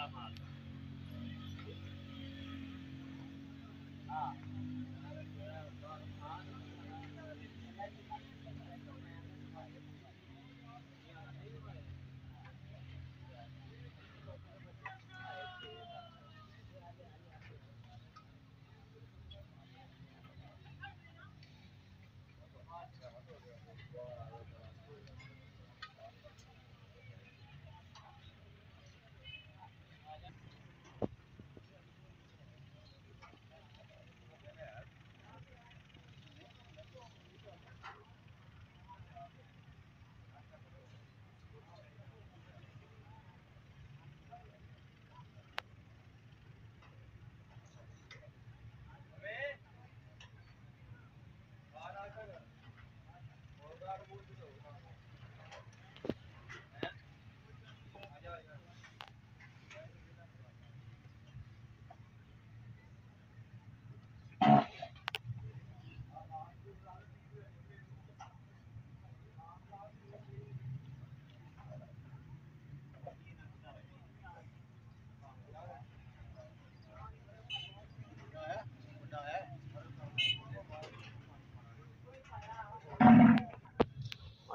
Salamat. Ah.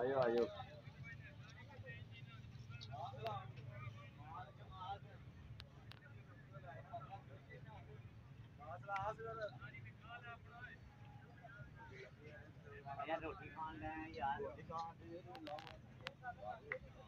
అయ్యో అయ్యో रोटी खान लें यार रोटी खान